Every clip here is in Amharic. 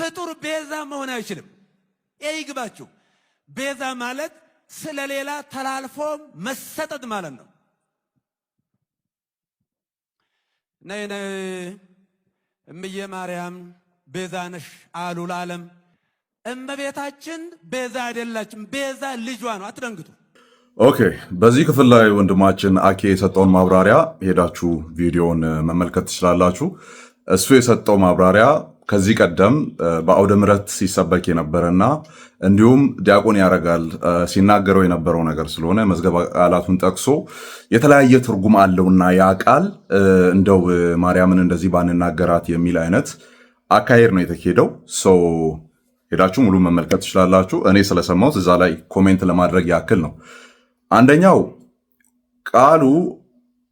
ፍጡር ቤዛ መሆን አይችልም። ይህ ይግባችሁ። ቤዛ ማለት ስለሌላ ተላልፎ መሰጠት ማለት ነው። ነይ ነይ እምዬ ማርያም ቤዛ ነሽ አሉ ለዓለም። እመቤታችን ቤዛ አይደላችም፣ ቤዛ ልጇ ነው። አትደንግጡ። ኦኬ፣ በዚህ ክፍል ላይ ወንድማችን አኬ የሰጠውን ማብራሪያ ሄዳችሁ ቪዲዮውን መመልከት ትችላላችሁ። እሱ የሰጠው ማብራሪያ ከዚህ ቀደም በአውደ ምረት ሲሰበክ የነበረና እንዲሁም ዲያቆን ያረጋል ሲናገረው የነበረው ነገር ስለሆነ መዝገበ ቃላቱን ጠቅሶ የተለያየ ትርጉም አለውና ያ ቃል እንደው ማርያምን እንደዚህ ባንናገራት የሚል አይነት አካሄድ ነው የተካሄደው። ሰው ሄዳችሁ ሙሉ መመልከት ትችላላችሁ። እኔ ስለሰማሁት እዛ ላይ ኮሜንት ለማድረግ ያክል ነው። አንደኛው ቃሉ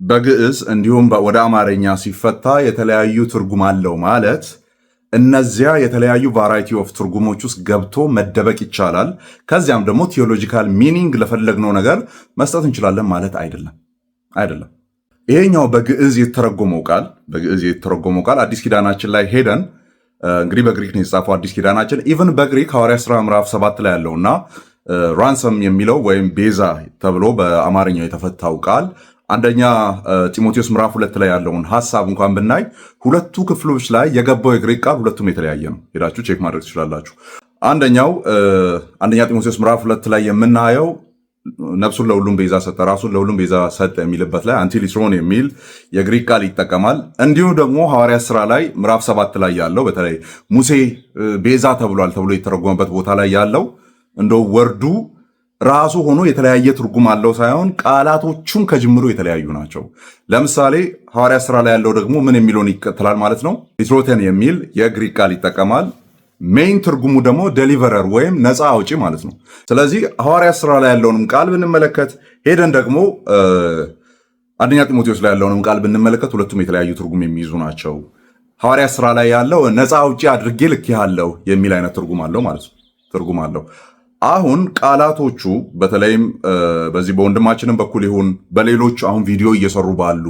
በግዕዝ እንዲሁም ወደ አማርኛ ሲፈታ የተለያዩ ትርጉም አለው ማለት እነዚያ የተለያዩ ቫራይቲ ኦፍ ትርጉሞች ውስጥ ገብቶ መደበቅ ይቻላል። ከዚያም ደግሞ ቴዎሎጂካል ሚኒንግ ለፈለግነው ነገር መስጠት እንችላለን ማለት አይደለም አይደለም። ይሄኛው በግዕዝ የተረጎመው ቃል በግዕዝ የተረጎመው ቃል አዲስ ኪዳናችን ላይ ሄደን እንግዲህ በግሪክ ነው የተጻፈው አዲስ ኪዳናችን። ኢቨን በግሪክ ሐዋርያ ሥራ ምዕራፍ ሰባት ላይ ያለውና ራንሰም የሚለው ወይም ቤዛ ተብሎ በአማርኛው የተፈታው ቃል አንደኛ ጢሞቴዎስ ምዕራፍ ሁለት ላይ ያለውን ሀሳብ እንኳን ብናይ ሁለቱ ክፍሎች ላይ የገባው የግሪክ ቃል ሁለቱም የተለያየ ነው። ሄዳችሁ ቼክ ማድረግ ትችላላችሁ። አንደኛው አንደኛ ጢሞቴዎስ ምዕራፍ ሁለት ላይ የምናየው ነፍሱን ለሁሉም ቤዛ ሰጠ፣ ራሱን ለሁሉም ቤዛ ሰጠ የሚልበት ላይ አንቲሊትሮን የሚል የግሪክ ቃል ይጠቀማል። እንዲሁም ደግሞ ሐዋርያት ስራ ላይ ምዕራፍ ሰባት ላይ ያለው በተለይ ሙሴ ቤዛ ተብሏል ተብሎ የተረጎመበት ቦታ ላይ ያለው እንደው ወርዱ ራሱ ሆኖ የተለያየ ትርጉም አለው ሳይሆን ቃላቶቹም ከጅምሩ የተለያዩ ናቸው። ለምሳሌ ሐዋርያ ስራ ላይ ያለው ደግሞ ምን የሚለውን ይከተላል ማለት ነው። ዲትሮቴን የሚል የግሪክ ቃል ይጠቀማል። ሜይን ትርጉሙ ደግሞ ደሊቨረር ወይም ነፃ አውጪ ማለት ነው። ስለዚህ ሐዋርያ ስራ ላይ ያለውንም ቃል ብንመለከት ሄደን ደግሞ አንደኛ ጢሞቴዎስ ላይ ያለውንም ቃል ብንመለከት ሁለቱም የተለያዩ ትርጉም የሚይዙ ናቸው። ሐዋርያ ስራ ላይ ያለው ነፃ አውጪ አድርጌ ያለው የሚል አይነት ትርጉም አለው ማለት ነው ትርጉም አለው። አሁን ቃላቶቹ በተለይም በዚህ በወንድማችንም በኩል ይሁን በሌሎቹ አሁን ቪዲዮ እየሰሩ ባሉ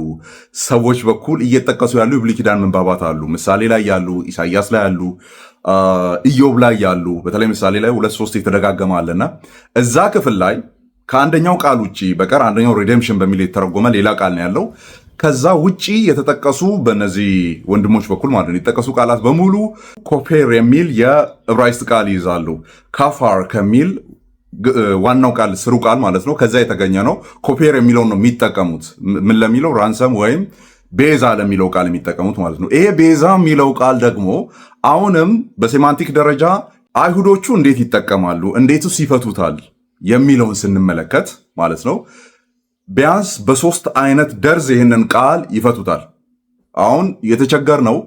ሰዎች በኩል እየጠቀሱ ያሉ የብሉይ ኪዳን መንባባት አሉ። ምሳሌ ላይ ያሉ፣ ኢሳያስ ላይ ያሉ፣ ኢዮብ ላይ ያሉ በተለይ ምሳሌ ላይ ሁለት ሶስት የተደጋገመ አለና እዛ ክፍል ላይ ከአንደኛው ቃል ውጭ በቀር አንደኛው ሪደምሽን በሚል የተረጎመ ሌላ ቃል ነው ያለው። ከዛ ውጪ የተጠቀሱ በእነዚህ ወንድሞች በኩል ማለት ነው የተጠቀሱ ቃላት በሙሉ ኮፔር የሚል የዕብራይስጥ ቃል ይይዛሉ። ካፋር ከሚል ዋናው ቃል ስሩ ቃል ማለት ነው ከዛ የተገኘ ነው። ኮፔር የሚለውን ነው የሚጠቀሙት። ምን ለሚለው ራንሰም ወይም ቤዛ ለሚለው ቃል የሚጠቀሙት ማለት ነው። ይሄ ቤዛ የሚለው ቃል ደግሞ አሁንም በሴማንቲክ ደረጃ አይሁዶቹ እንዴት ይጠቀማሉ፣ እንዴትስ ይፈቱታል የሚለውን ስንመለከት ማለት ነው ቢያንስ በሶስት አይነት ደርዝ ይህንን ቃል ይፈቱታል። አሁን የተቸገር ነው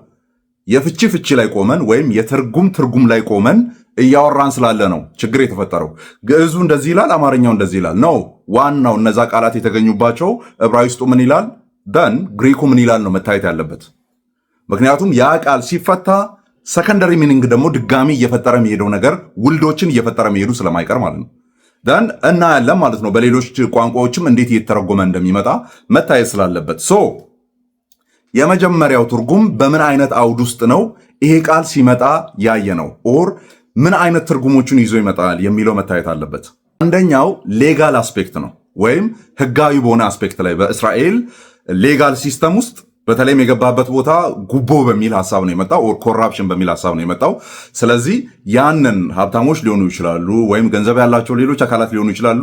የፍቺ ፍቺ ላይ ቆመን ወይም የትርጉም ትርጉም ላይ ቆመን እያወራን ስላለ ነው ችግር የተፈጠረው። ግዕዙ እንደዚህ ይላል፣ አማርኛው እንደዚህ ይላል ነው ዋናው። እነዛ ቃላት የተገኙባቸው ዕብራይስጡ ምን ይላል ደን ግሪኩ ምን ይላል ነው መታየት ያለበት። ምክንያቱም ያ ቃል ሲፈታ ሰከንደሪ ሚኒንግ ደግሞ ድጋሚ እየፈጠረ የሚሄደው ነገር ውልዶችን እየፈጠረ የሚሄዱ ስለማይቀር ማለት ነው። ደን እናያለን ማለት ነው። በሌሎች ቋንቋዎችም እንዴት እየተረጎመ እንደሚመጣ መታየት ስላለበት ሶ የመጀመሪያው ትርጉም በምን አይነት አውድ ውስጥ ነው ይሄ ቃል ሲመጣ ያየ ነው ኦር ምን አይነት ትርጉሞቹን ይዞ ይመጣል የሚለው መታየት አለበት። አንደኛው ሌጋል አስፔክት ነው ወይም ህጋዊ በሆነ አስፔክት ላይ በእስራኤል ሌጋል ሲስተም ውስጥ በተለይም የገባበት ቦታ ጉቦ በሚል ሀሳብ ነው የመጣው፣ ኦር ኮራፕሽን በሚል ሀሳብ ነው የመጣው። ስለዚህ ያንን ሀብታሞች ሊሆኑ ይችላሉ፣ ወይም ገንዘብ ያላቸው ሌሎች አካላት ሊሆኑ ይችላሉ።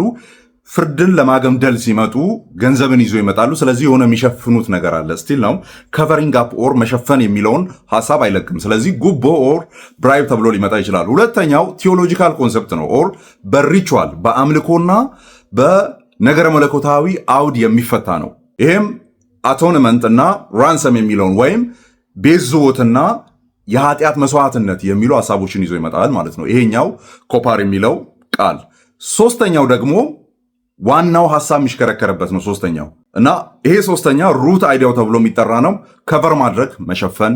ፍርድን ለማገምደል ሲመጡ ገንዘብን ይዞ ይመጣሉ። ስለዚህ የሆነ የሚሸፍኑት ነገር አለ። ስቲል ነው ከቨሪንግ አፕ ኦር መሸፈን የሚለውን ሀሳብ አይለቅም። ስለዚህ ጉቦ ኦር ብራይብ ተብሎ ሊመጣ ይችላል። ሁለተኛው ቴዎሎጂካል ኮንሰፕት ነው ኦር በሪቹዋል በአምልኮና በነገረ መለኮታዊ አውድ የሚፈታ ነው። ይሄም አቶንመንት እና ራንሰም የሚለውን ወይም ቤዝቦትና የኃጢአት መስዋዕትነት የሚሉ ሀሳቦችን ይዞ ይመጣል ማለት ነው። ይሄኛው ኮፓር የሚለው ቃል። ሶስተኛው ደግሞ ዋናው ሀሳብ የሚሽከረከርበት ነው። ሶስተኛው እና ይሄ ሶስተኛ ሩት አይዲያው ተብሎ የሚጠራ ነው። ከቨር ማድረግ መሸፈን፣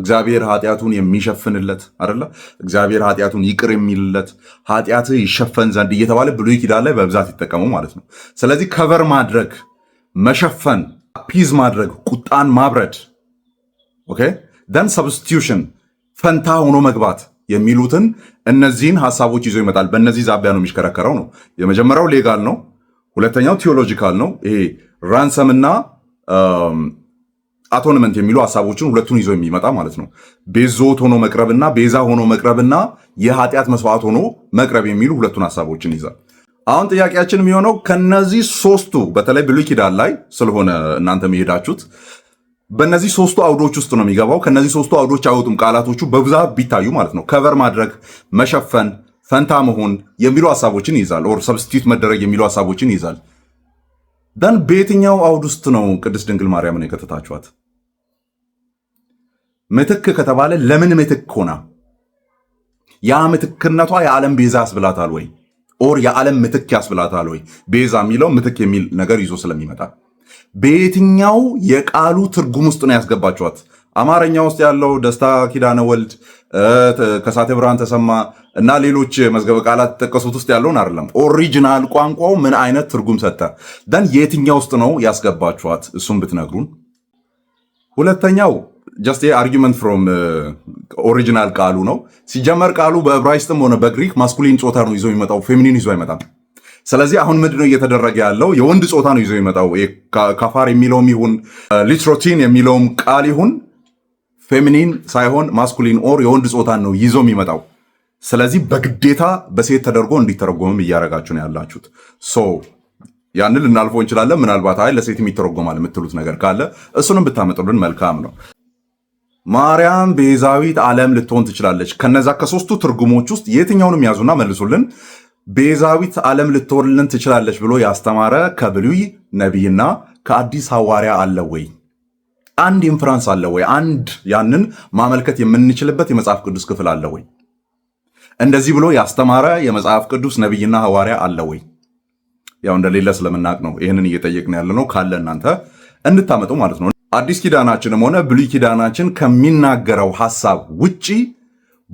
እግዚአብሔር ኃጢአቱን የሚሸፍንለት አደለ? እግዚአብሔር ኃጢአቱን ይቅር የሚልለት ኃጢአት ይሸፈን ዘንድ እየተባለ ብሉይ ኪዳን ላይ በብዛት ይጠቀሙ ማለት ነው። ስለዚህ ከቨር ማድረግ መሸፈን አፒዝ ማድረግ ቁጣን ማብረድ ኦኬ ደን ሰብስቲዩሽን ፈንታ ሆኖ መግባት የሚሉትን እነዚህን ሀሳቦች ይዞ ይመጣል። በእነዚህ ዛቢያ ነው የሚሽከረከረው ነው። የመጀመሪያው ሌጋል ነው። ሁለተኛው ቴዎሎጂካል ነው። ይሄ ራንሰም እና አቶንመንት የሚሉ ሀሳቦችን ሁለቱን ይዞ የሚመጣ ማለት ነው። ቤዞት ሆኖ መቅረብና ቤዛ ሆኖ መቅረብና የኃጢአት መስዋዕት ሆኖ መቅረብ የሚሉ ሁለቱን ሀሳቦችን ይዛል። አሁን ጥያቄያችን የሚሆነው ከነዚህ ሶስቱ በተለይ ብሉይ ኪዳን ላይ ስለሆነ እናንተ የሚሄዳችሁት በእነዚህ ሶስቱ አውዶች ውስጥ ነው የሚገባው። ከነዚህ ሶስቱ አውዶች አይወጡም ቃላቶቹ በብዛት ቢታዩ ማለት ነው። ከቨር ማድረግ፣ መሸፈን፣ ፈንታ መሆን የሚሉ ሀሳቦችን ይይዛል። ኦር ሰብስቲዩት መደረግ የሚሉ ሀሳቦችን ይይዛል። ደን በየትኛው አውድ ውስጥ ነው ቅድስት ድንግል ማርያምን የከተታችኋት? ምትክ ከተባለ ለምን ምትክ ሆና ያ ምትክነቷ የዓለም ቤዛ ያስብላታል ወይ? ኦር የዓለም ምትክ ያስብላታል ወይ? ቤዛ የሚለው ምትክ የሚል ነገር ይዞ ስለሚመጣ በየትኛው የቃሉ ትርጉም ውስጥ ነው ያስገባችኋት? አማርኛ ውስጥ ያለው ደስታ ኪዳነ ወልድ ከሳቴ ብርሃን ተሰማ እና ሌሎች መዝገበ ቃላት ተጠቀሱት ውስጥ ያለውን አይደለም። ኦሪጂናል ቋንቋው ምን አይነት ትርጉም ሰጠ? ደን የትኛው ውስጥ ነው ያስገባችኋት? እሱም ብትነግሩን። ሁለተኛው ጀስት አርጊመንት ፍሮም ኦሪጂናል ቃሉ ነው። ሲጀመር ቃሉ በዕብራይስጥም ሆነ በግሪክ ማስኩሊን ጾታ ነው ይዞ የሚመጣው፣ ፌሚኒን ይዞ አይመጣም። ስለዚህ አሁን ነው እየተደረገ ያለው? የወንድ ጾታ ነው ይዞ የሚመጣው። ካፋር የሚለውም ይሁን uh, ሊትሮቲን የሚለውም ቃል ይሁን ፌሚኒን ሳይሆን ማስኩሊን ኦር የወንድ ጾታን ነው ይዞ የሚመጣው። ስለዚህ በግዴታ በሴት ተደርጎ እንዲተረጎምም እያደረጋችሁ ነው ያላችሁት። ሶ ያንን ልናልፎ እንችላለን። ምናልባት አይ ለሴት የሚተረጎማል የምትሉት ነገር ካለ እሱንም ብታመጡልን መልካም ነው። ማርያም ቤዛዊት ዓለም ልትሆን ትችላለች። ከነዛ ከሶስቱ ትርጉሞች ውስጥ የትኛውንም ያዙና መልሱልን። ቤዛዊት ዓለም ልትሆንልን ትችላለች ብሎ ያስተማረ ከብሉይ ነቢይና ከአዲስ ሐዋርያ አለ ወይ? አንድ ኢንፍራንስ አለ ወይ? አንድ ያንን ማመልከት የምንችልበት የመጽሐፍ ቅዱስ ክፍል አለ ወይ? እንደዚህ ብሎ ያስተማረ የመጽሐፍ ቅዱስ ነቢይና ሐዋርያ አለ ወይ? ያው እንደሌለ ስለምናቅ ነው ይህንን እየጠየቅን ያለ ነው። ካለ እናንተ እንድታመጡ ማለት ነው። አዲስ ኪዳናችንም ሆነ ብሉይ ኪዳናችን ከሚናገረው ሐሳብ ውጪ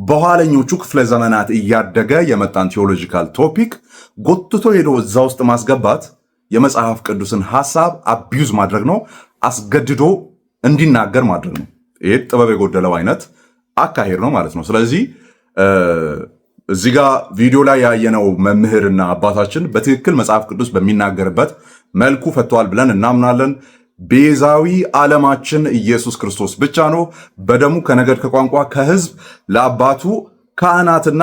በኋለኞቹ ክፍለ ዘመናት እያደገ የመጣን ቴዎሎጂካል ቶፒክ ጎትቶ ሄዶ እዛ ውስጥ ማስገባት የመጽሐፍ ቅዱስን ሐሳብ አቢዩዝ ማድረግ ነው፣ አስገድዶ እንዲናገር ማድረግ ነው። ይህ ጥበብ የጎደለው አይነት አካሄድ ነው ማለት ነው። ስለዚህ እዚህ ጋር ቪዲዮ ላይ ያየነው መምህርና አባታችን በትክክል መጽሐፍ ቅዱስ በሚናገርበት መልኩ ፈተዋል ብለን እናምናለን። ቤዛዊ ዓለማችን ኢየሱስ ክርስቶስ ብቻ ነው። በደሙ ከነገድ፣ ከቋንቋ፣ ከሕዝብ ለአባቱ ካህናትና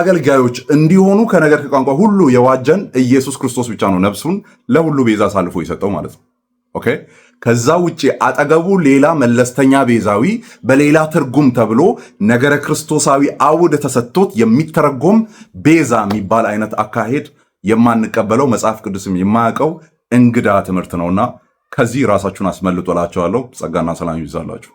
አገልጋዮች እንዲሆኑ ከነገድ፣ ከቋንቋ ሁሉ የዋጀን ኢየሱስ ክርስቶስ ብቻ ነው። ነፍሱን ለሁሉ ቤዛ አሳልፎ የሰጠው ማለት ነው። ኦኬ። ከዛ ውጭ አጠገቡ ሌላ መለስተኛ ቤዛዊ በሌላ ትርጉም ተብሎ ነገረ ክርስቶሳዊ አውድ ተሰጥቶት የሚተረጎም ቤዛ የሚባል አይነት አካሄድ የማንቀበለው መጽሐፍ ቅዱስም የማያውቀው እንግዳ ትምህርት ነውና ከዚህ ራሳችሁን አስመልጦ ጸጋና ሰላም ይብዛላችሁ።